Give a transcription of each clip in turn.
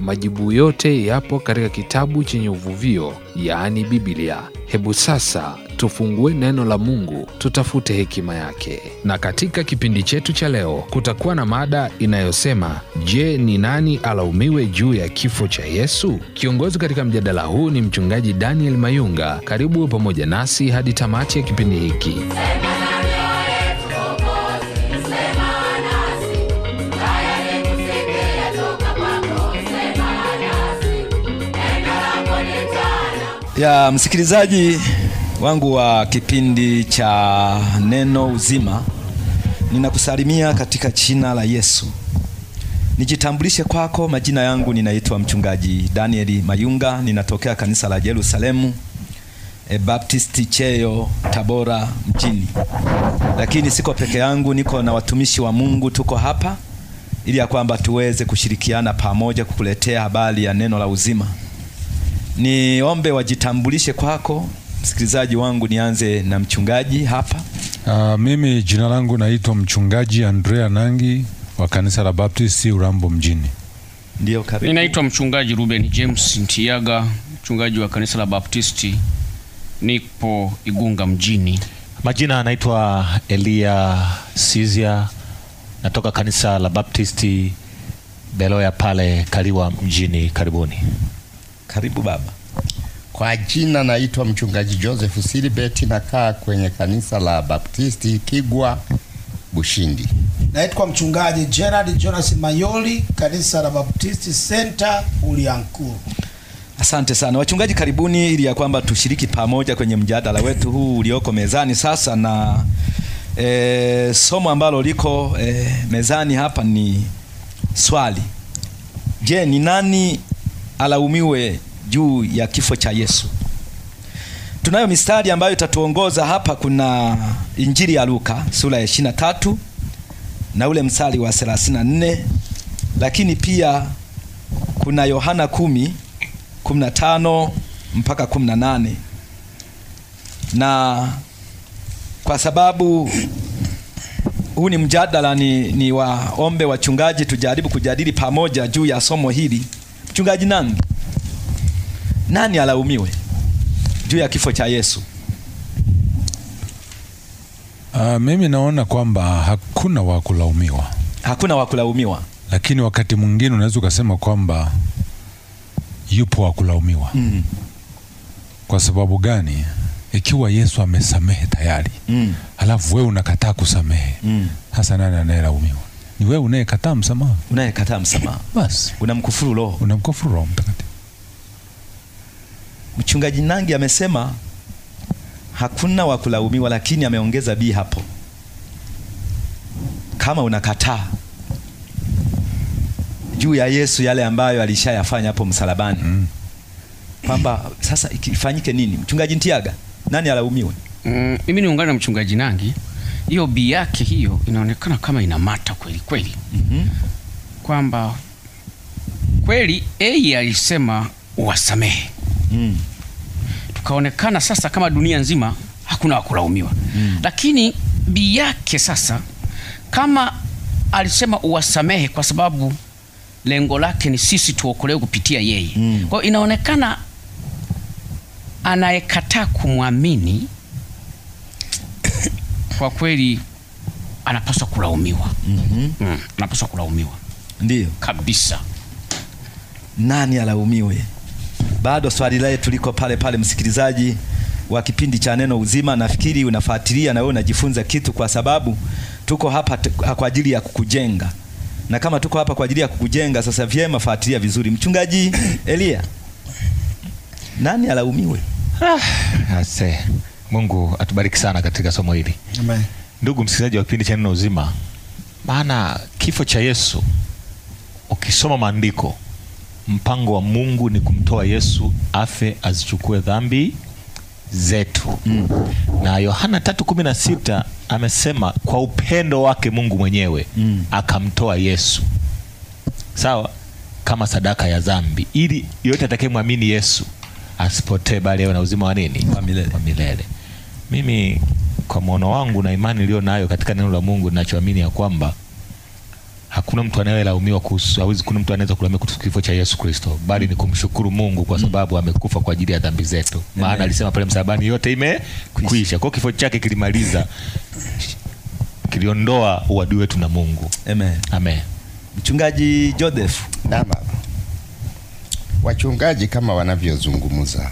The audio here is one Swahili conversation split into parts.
Majibu yote yapo katika kitabu chenye uvuvio, yaani Biblia. Hebu sasa tufungue neno la Mungu, tutafute hekima yake. Na katika kipindi chetu cha leo kutakuwa na mada inayosema, je, ni nani alaumiwe juu ya kifo cha Yesu? Kiongozi katika mjadala huu ni mchungaji Daniel Mayunga. Karibu pamoja nasi hadi tamati ya kipindi hiki. Ya msikilizaji wangu wa kipindi cha Neno Uzima, ninakusalimia katika jina la Yesu. Nijitambulishe kwako, majina yangu ninaitwa mchungaji Danieli Mayunga, ninatokea kanisa la Yerusalemu e Baptisti Cheyo, Tabora mjini. Lakini siko peke yangu, niko na watumishi wa Mungu, tuko hapa ili ya kwamba tuweze kushirikiana pamoja kukuletea habari ya neno la uzima niombe wajitambulishe kwako, msikilizaji wangu. Nianze na mchungaji hapa. Uh, mimi jina langu naitwa mchungaji Andrea Nangi wa kanisa la Baptisti Urambo mjini. Ndio, karibu. Ninaitwa mchungaji Ruben James Ntiaga, mchungaji wa kanisa la Baptisti, nipo Igunga mjini. Majina anaitwa Elia Sizia, natoka kanisa la Baptisti Beloya pale Kaliwa mjini. Karibuni. Karibu baba. Kwa jina naitwa mchungaji Joseph Silibeti, nakaa kwenye kanisa la Baptisti Kigwa Bushindi. Naitwa mchungaji Gerard Jonas Mayoli, kanisa la Baptisti Center Uliankuru. Asante sana wachungaji, karibuni ili ya kwamba tushiriki pamoja kwenye mjadala wetu huu ulioko mezani sasa, na e, somo ambalo liko e, mezani hapa ni swali: Je, ni nani alaumiwe juu ya kifo cha Yesu. Tunayo mistari ambayo itatuongoza hapa. Kuna Injili ya Luka sura ya ishirini na tatu na ule mstari wa 34, lakini pia kuna Yohana 10 15 mpaka 18. Na kwa sababu huu ni mjadala, ni, ni waombe wachungaji tujaribu kujadili pamoja juu ya somo hili Mchungaji Nangi, nani alaumiwe juu ya kifo cha Yesu? Uh, mimi naona kwamba hakuna wa kulaumiwa, hakuna wa kulaumiwa, lakini wakati mwingine unaweza ukasema kwamba yupo wa kulaumiwa mm. Kwa sababu gani? Ikiwa Yesu amesamehe tayari mm. Halafu wewe unakataa kusamehe mm. Hasa nani anayelaumiwa? Ni wewe unayekataa msamaha, unayekataa msamaha, basi unamkufuru Roho, unamkufuru Roho Mtakatifu. Mchungaji Nangi amesema hakuna wa kulaumiwa, lakini ameongeza bii hapo, kama unakataa juu ya Yesu yale ambayo alishayafanya hapo msalabani mm. kwamba sasa ikifanyike nini? Mchungaji Ntiaga, nani alaumiwe? Mm, mimi niungana na mchungaji Nangi hiyo bi yake hiyo inaonekana kama inamata kweli kweli mm -hmm. kwamba kweli A alisema uwasamehe mm. tukaonekana sasa kama dunia nzima hakuna wakulaumiwa mm. lakini bi yake sasa kama alisema uwasamehe kwa sababu lengo lake ni sisi tuokolewe kupitia yeye mm. kwao inaonekana anayekataa kumwamini kwa kweli anapaswa kulaumiwa mm -hmm. mm, anapaswa kulaumiwa ndio kabisa. Nani alaumiwe? Bado swali letu tuliko pale pale, msikilizaji wa kipindi cha Neno Uzima, nafikiri unafuatilia na wewe unajifunza kitu, kwa sababu tuko hapa kwa ajili ya kukujenga, na kama tuko hapa kwa ajili ya kukujenga, sasa vyema, fuatilia vizuri. Mchungaji Elia, nani alaumiwe? Ah, Mungu atubariki sana katika somo hili. Amen. Ndugu msikilizaji wa kipindi cha Neno Uzima, maana kifo cha Yesu, ukisoma maandiko, mpango wa Mungu ni kumtoa Yesu afe azichukue dhambi zetu mm. Na Yohana tatu kumi na sita amesema kwa upendo wake Mungu mwenyewe mm. akamtoa Yesu sawa, kama sadaka ya dhambi, ili yote atakayemwamini Yesu asipotee, bali awe na uzima wa nini? Wa milele. Mimi kwa mwono wangu na imani niliyo nayo katika neno la Mungu ninachoamini ya kwamba hakuna mtu anayelaumiwa kuhusu, hawezi kuna mtu anaweza kulaumiwa kuhusu kifo cha Yesu Kristo, bali ni kumshukuru Mungu kwa mm. sababu amekufa kwa ajili ya dhambi zetu, maana alisema pale msalabani, yote imekwisha. Kwa kifo chake kilimaliza, kiliondoa uadui wetu na Mungu. Amen. Amen. Mchungaji Joseph. Naam. Wachungaji kama wanavyozungumza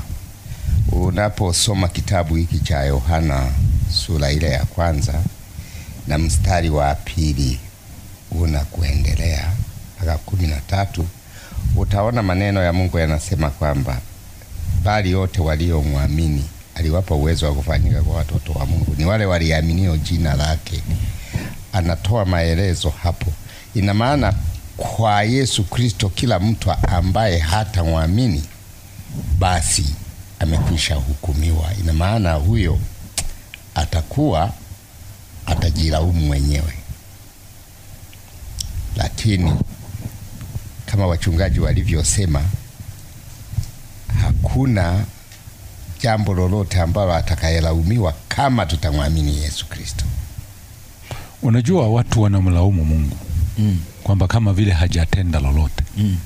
unaposoma kitabu hiki cha Yohana sura ile ya kwanza na mstari wa pili una kuendelea mpaka kumi na tatu utaona maneno ya Mungu yanasema kwamba bali wote waliomwamini aliwapa uwezo wa kufanyika kwa watoto wa Mungu, ni wale waliaminio jina lake. Anatoa maelezo hapo, ina maana kwa Yesu Kristo kila mtu ambaye hata mwamini basi amekwisha hukumiwa. Ina maana huyo atakuwa atajilaumu mwenyewe, lakini kama wachungaji walivyosema, hakuna jambo lolote ambalo atakayelaumiwa kama tutamwamini Yesu Kristo. Unajua, watu wanamlaumu Mungu mm. kwamba kama vile hajatenda lolote mm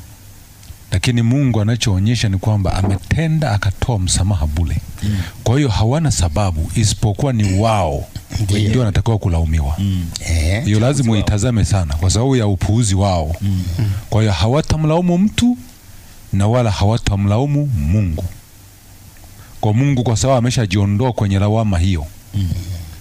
lakini Mungu anachoonyesha ni kwamba ametenda akatoa msamaha bule. mm. Kwa hiyo hawana sababu isipokuwa ni wao ndio wanatakiwa kulaumiwa. mm. Eh, hiyo lazima uitazame sana kwa sababu ya upuuzi wao. Mm. mm. Kwa hiyo hawatamlaumu mtu na wala hawatamlaumu Mungu kwa Mungu kwa sababu ameshajiondoa kwenye lawama hiyo. mm.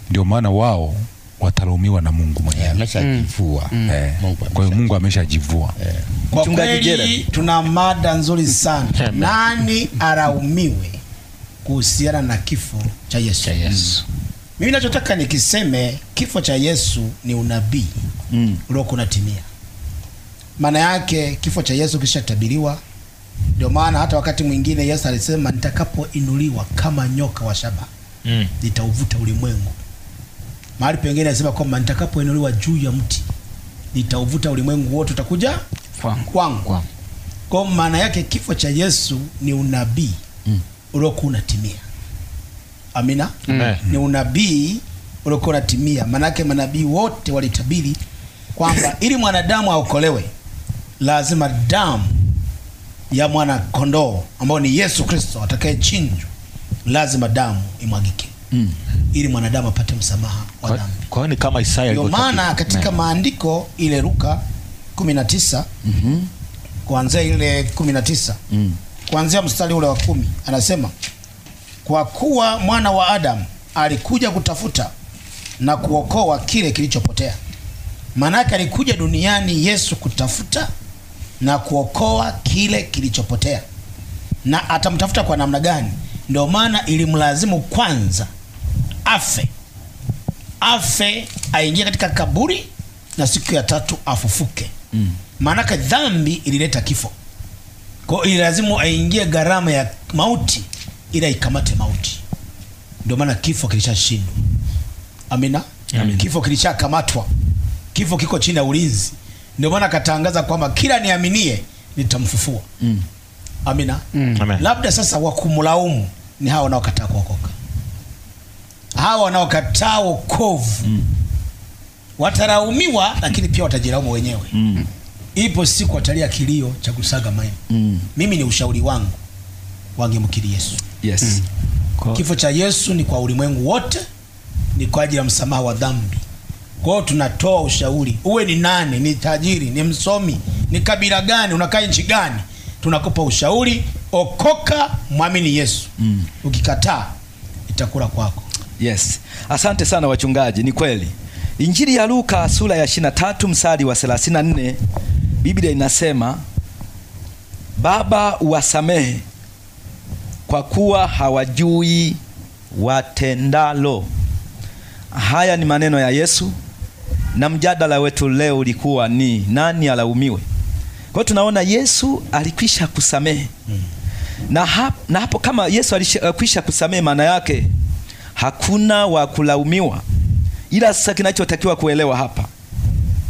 Ndio maana wao watalaumiwa na Mungu mwenyewe. Yeah, ameshajivua. Mm. Eh, eh. Kwa hiyo Mungu ameshajivua. Eh. Kwa kweli tuna mada nzuri sana. Nani alaumiwe kuhusiana na kifo cha Yesu? Cha Yesu. Mm. Mimi nachotaka nikiseme kifo cha Yesu ni unabii mm. ulio kunatimia. Maana yake kifo cha Yesu kishatabiriwa. Ndio maana hata wakati mwingine Yesu alisema nitakapoinuliwa kama nyoka wa shaba mm. nitauvuta ulimwengu Mahali pengine anasema kwamba nitakapoinuliwa juu ya mti nitauvuta ulimwengu wote utakuja kwangu. Kwangu. Kwa maana yake kifo cha Yesu ni unabii mm. uliokuwa unatimia. Amina. Mm. Ni unabii uliokuwa unatimia. Maana yake manabii wote walitabiri kwamba ili mwanadamu aokolewe lazima damu ya mwana kondoo ambayo ni Yesu Kristo atakayechinjwa lazima damu imwagike mm. ili mwanadamu apate msamaha wa dhambi. Kwa hiyo ni kama Isaya alivyo. Maana katika maandiko ile Luka 19 mm -hmm. kuanzia ile 19 mm. kuanzia mstari ule wa kumi anasema kwa kuwa mwana wa Adamu alikuja kutafuta na kuokoa kile kilichopotea. Maanake alikuja duniani Yesu kutafuta na kuokoa kile kilichopotea, na atamtafuta kwa namna gani? Ndio maana ilimlazimu kwanza afe, afe aingie katika kaburi na siku ya tatu afufuke. Mm. Maanake mm. dhambi ilileta kifo, kwa hiyo lazima aingie gharama ya mauti ila ikamate mauti. Ndio maana kifo kilishashindwa. Amina, Amina. Kifo kilishakamatwa, kifo kiko chini ya ulinzi. Ndio maana akatangaza kwamba kila niaminie nitamfufua. mm. Amina, mm. Labda sasa wakumlaumu ni hao wanaokataa kuokoka hawa wanaokataa wokovu mm. wataraumiwa, lakini pia watajiraumu wenyewe mm. Ipo siku watalia kilio cha kusaga maini mm. Mimi ni ushauri wangu, wangemkiri Yesu yes. mm. Kwa... kifo cha Yesu ni kwa ulimwengu wote, ni kwa ajili ya msamaha wa dhambi. Kwa hiyo tunatoa ushauri, uwe ni nani, ni tajiri, ni msomi, ni kabila gani, unakaa nchi gani, tunakupa ushauri. Okoka, mwamini Yesu mm. Ukikataa itakula kwako. Yes, asante sana wachungaji. Ni kweli Injili ya Luka sura ya 23 msali wa 34, Biblia inasema Baba, uwasamehe kwa kuwa hawajui watendalo. Haya ni maneno ya Yesu, na mjadala wetu leo ulikuwa ni nani alaumiwe. Kwa hiyo tunaona Yesu alikwisha kusamehe hmm. na, hap, na hapo kama Yesu alikwisha kusamehe, maana yake hakuna wa kulaumiwa, ila sasa kinachotakiwa kuelewa hapa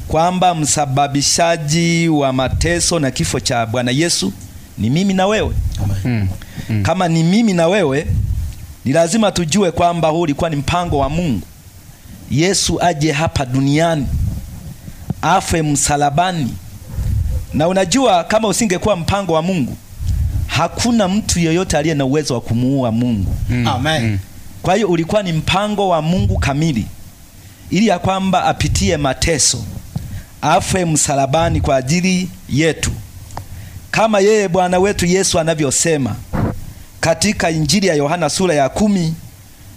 kwamba msababishaji wa mateso na kifo cha Bwana Yesu ni mimi na wewe. Mm. Kama ni mimi na wewe, ni lazima tujue kwamba huu ulikuwa ni mpango wa Mungu, Yesu aje hapa duniani afe msalabani. Na unajua kama usingekuwa mpango wa Mungu, hakuna mtu yeyote aliye na uwezo wa kumuua Mungu. Mm. Amen. Mm. Kwa hiyo ulikuwa ni mpango wa Mungu kamili, ili ya kwamba apitie mateso, afe msalabani kwa ajili yetu, kama yeye Bwana wetu Yesu anavyosema katika Injili ya Yohana sura ya kumi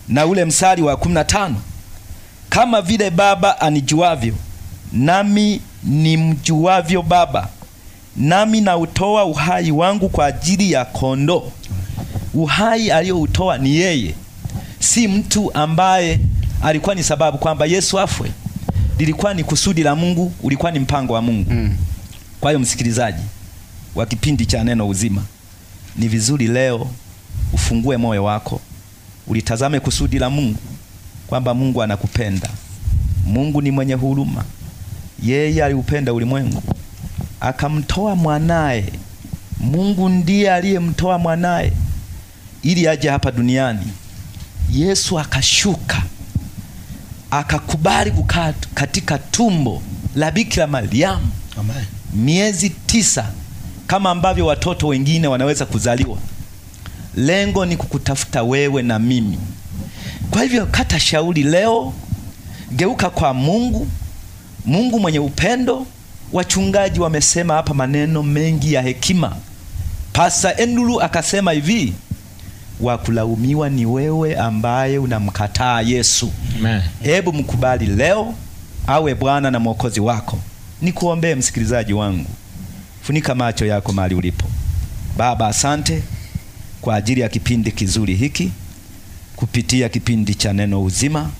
na ule msali wa kumi na tano kama vile Baba anijuavyo nami nimjuavyo Baba, nami nautoa uhai wangu kwa ajili ya kondoo. Uhai aliyoutoa ni yeye si mtu ambaye alikuwa ni sababu kwamba Yesu afwe, lilikuwa ni kusudi la Mungu, ulikuwa ni mpango wa Mungu mm. Kwa hiyo msikilizaji wa kipindi cha Neno Uzima, ni vizuri leo ufungue moyo wako, ulitazame kusudi la Mungu, kwamba Mungu anakupenda. Mungu ni mwenye huruma, yeye aliupenda ulimwengu akamtoa mwanaye. Mungu ndiye aliyemtoa mwanaye ili aje hapa duniani Yesu akashuka akakubali kukaa katika tumbo la Bikira Mariamu miezi tisa, kama ambavyo watoto wengine wanaweza kuzaliwa. Lengo ni kukutafuta wewe na mimi. Kwa hivyo, kata shauri leo, geuka kwa Mungu, Mungu mwenye upendo. Wachungaji wamesema hapa maneno mengi ya hekima. Pasa Endulu akasema hivi, wa kulaumiwa ni wewe ambaye unamkataa Yesu. Hebu mkubali leo awe Bwana na Mwokozi wako. Nikuombee msikilizaji wangu, funika macho yako mahali ulipo. Baba, asante kwa ajili ya kipindi kizuri hiki, kupitia kipindi cha neno uzima.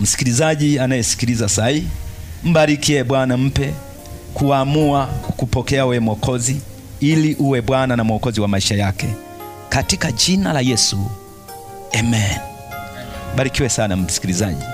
Msikilizaji anayesikiliza sahi, mbarikie Bwana, mpe kuamua kukupokea we Mwokozi, ili uwe Bwana na Mwokozi wa maisha yake katika jina la Yesu, amen. Barikiwe sana msikilizaji.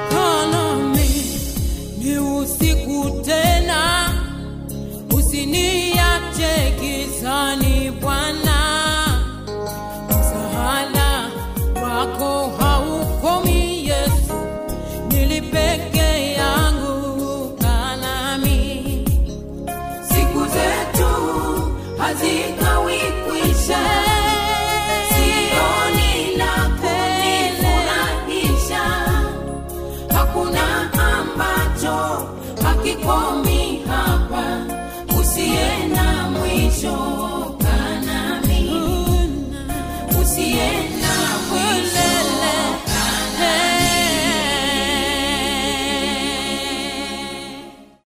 Brasil.